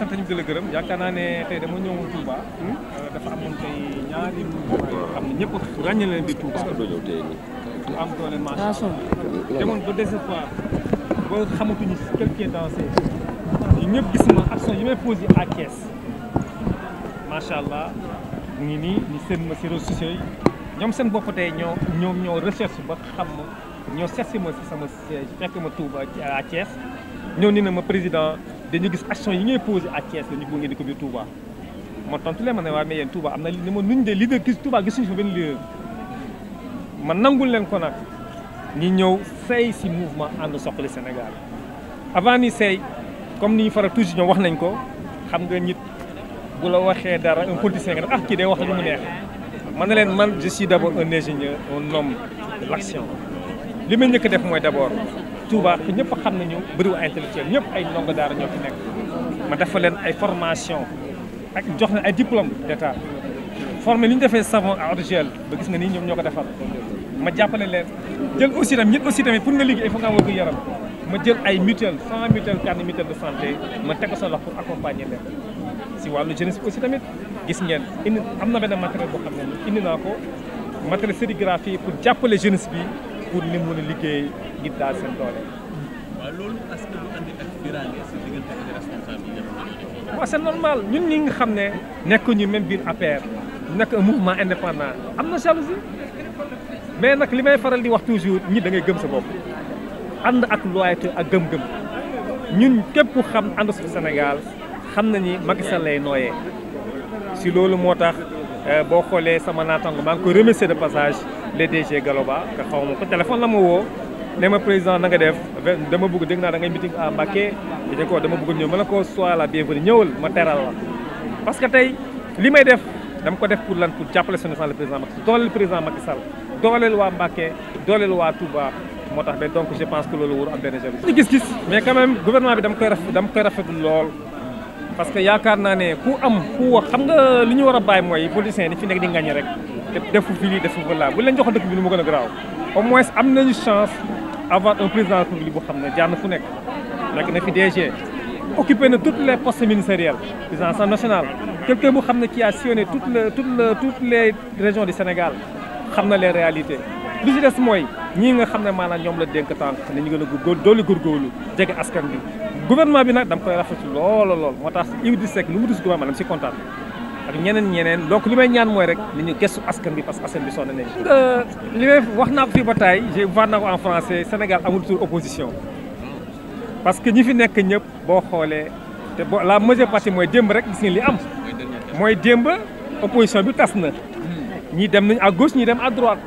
sant ñu gën a gërëm yaakaar naa ne dama ñëwoon Touba. Hmm? Euh, dafa amoon tey ñaari mbir ñëw tey nii. am doole macha allah demoon ba décevoir ba xamatuñu quelqu'un dansé yi ñëpp gis ma action yi may posé à Thiès macha allah mu ngi nii ni seen ma si réseaux sociaux yi ñoom seen bopp tey ñoo ñoom ñoo recherche ba xam ma ñoo seet si ma sama siège fekk ma Touba à Thiès ñoo ni na ma président. dañu gis action yi ngay posé à Thiès dañu bëgg ngeen di ko biir Touba ma tontu leen ma ne waaye am na ne ma nuñ de leader gis Touba gisuñu fa leen ko nag ñi ñëw say si mouvement ànd soxali Sénégal avant ni say comme ni ñu faral toujours ñoom wax nañ ko xam nga nit bu la waxee dara un politicien nga ah kii day wax lu mu neex ma na leen man je suis d' abord un ingénieur un homme de l' action li ma njëkk def mooy d' abord Touba te ñëpp xam nañu bëriwu intellectuel ñëpp ay ndongo daara ñoo fi nekk ma dafa leen ay formation ak jox na ay diplôme d'état formé li ñu defee savon à eau ba gis nga nii ñoom ñoo ko defar ma jàppale leen jël aussi tam ñit aussi tamit pour nga liggéey il faut nga wër gu yaram ma jël ay mutuelle cent mutuelle carte mutuelle de santé ma teg ko sa loxo pour accompagner leen si wàllu jeunesse bi aussi tamit gis ngeen indi am na benn matériel boo xam ne indi naa ko matériel sérigraphie jàppale jeunesse bi pour ni mun a liggéey ngir daal seen doole. waaw loolu est ñun ñi nga xam ne nekkuñu même biir APR nekk un mouvement indépendant am na jalousie mais nag li may faral di wax toujours ñi da gëm sa bopp ànd ak loyauté ak gëm-gëm ñun képp xam ànd su xam na ni Macky lay nooyee si loolu moo tax euh, boo xoolee sama naataango maa ngi ko remercier de passage. le DG Galoba nga xaw ma ko téléphone la ma woo ne ma président nanga def dama bëgg dégg naa da ngay meeting à Mbacké dañ ko dama bëgg ñëw ma ne ko soit la bienvenue ñëwal ma teral la. parce que tey li may def dama ko def pour lan pour jàppale seen le président Macky Sall dooleel président Macky Sall dooleel waa Mbacké dooleel waa Touba moo tax ba donc je pense que loolu waru am benn jafe gis-gis mais quand même gouvernement bi dama dama koy rafetlu lool. parce que yaakaar naa ne ku am ku xam nga li ñu war a bàyyi mooy politiciens yi fi nekk di ngañ rek. defu fi lii defu fa laa bu leen joxoon dëkk bi lu mu gën a garaaw au moins am nañu chance avoir un président de la bu xam ne jaar na fu nekk nekk na fi DG occupé na toutes les postes ministériels président assemblée nationale quelqu'un bu xam ne qui a sillonné toutes les les toutes les Sénégal xam na les réalités li ci des mooy ñii nga xam ne maanaam ñoom la dénk tànk nañu gën a góor doole góorgóorlu jege askan bi gouvernement bi nag dam koy rafet lool lool moo tax Idrissa Seck lu mu dis gouvernement dama si kontaan ak ñeneen ñeneen donc li may ñaan mooy rek nañu gëstu askan bi parce que askan bi sonn nañu. li wax naa ko fii ba taay je wax naa ko en opposition parce que ñi fi nekk ñëpp boo xoolee te bo la majeure partie mooy démb rek gis nga li am mooy démb opposition bi tas na ñii dem nañ à gauche ñii dem à droite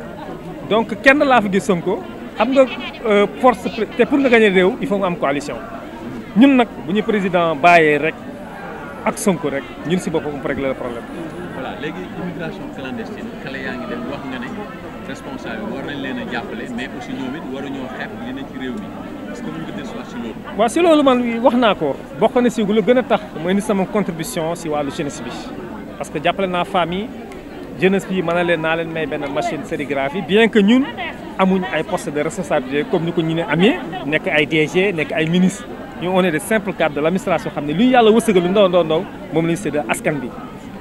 donc kenn laa fi gis Sonko am nga euh, force te pour nga gagner réew il faut nga am coalition ñun nag bu ñu président bàyyee rek. ak Sonko rek ñun si boppam pour régler la problème. voilà léegi immigration clandestine xale yaa nañ leen a jàppale mais aussi ñoom si loolu. waaw si man wax naa ko bokk na si lu gën a tax mooy ni sama contribution si wàllu jeunesse bi parce que jàppale naa femmes yi jeunesse bi mën na leen naa leen may benn machine sérigraphie bien que ñun amuñ ay postes de responsabilité comme ni ko ñu ne amee nekk ay DG nekk ay ministre ñu on est des simples de l' administration xam ne lu ñu yàlla wësëgal lu ndaw ndaw moom la ñu askan bi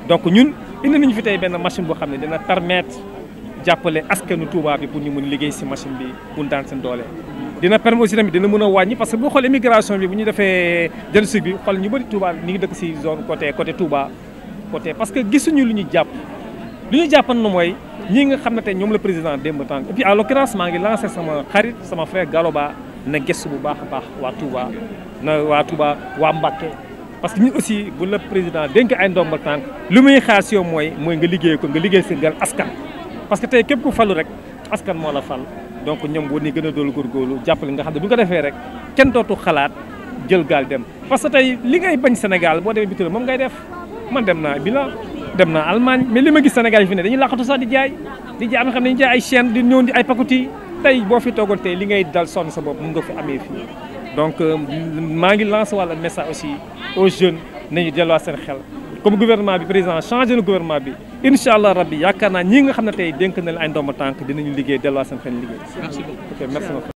donc ñun indi nañu fi tey benn machine boo xam ne dina permettre jàppale askanu Touba bi pour ñu mën liggéey si machine bi pour daan seen doole. dina permettre aussi tamit dina mën a wàññi parce que boo xoolee immigration bi bu ñu defee diagnostic bi xool ñu bëri Touba ñu ngi dëkk si zone côté côté Touba côté parce que gisuñu lu ñu jàpp lu ñu jàppan na mooy ñi nga xam ne tey ñoom la président démb tànk et puis à l'occurrence maa ngi lancé sama xarit sama frère Galoba na gëstu bu baax a baax waa Touba na waa Touba waa Mbacké parce que ñun aussi bu la président dénk ay ndombal tànk lu muy xaar si yow mooy mooy nga liggéey ko nga liggéey sirgal askan parce que tey képp ku falu rek askan moo la fal donc ñoom war ni gën a doolu góorgóorlu jàppale nga xam ne bu ko defee rek kenn dootu xalaat jël gaal dem parce que tey li ngay bañ Sénégal boo demee bitim moom ngay def man dem naa bilan dem naa Allemagne mais li ma gis Sénégal yi ne dañuy laqatu sax di jaay di jaay am xam ay chaîne di ñëw di ay pakuti tey boo fi toogoon tey li ngay dal sonn sa bopp mun nga fi amee fii donc euh, maa ngi lancé wàlla message aussi aux jeunes nañu delluwaat seen xel comme gouvernement bi président changé na gouvernement bi incha allah rabbi yaakaar naa ñi nga xam ne tey dénk na leen ay ndomba tànk dinañu liggéey delluwaat seen xel liggéey. merci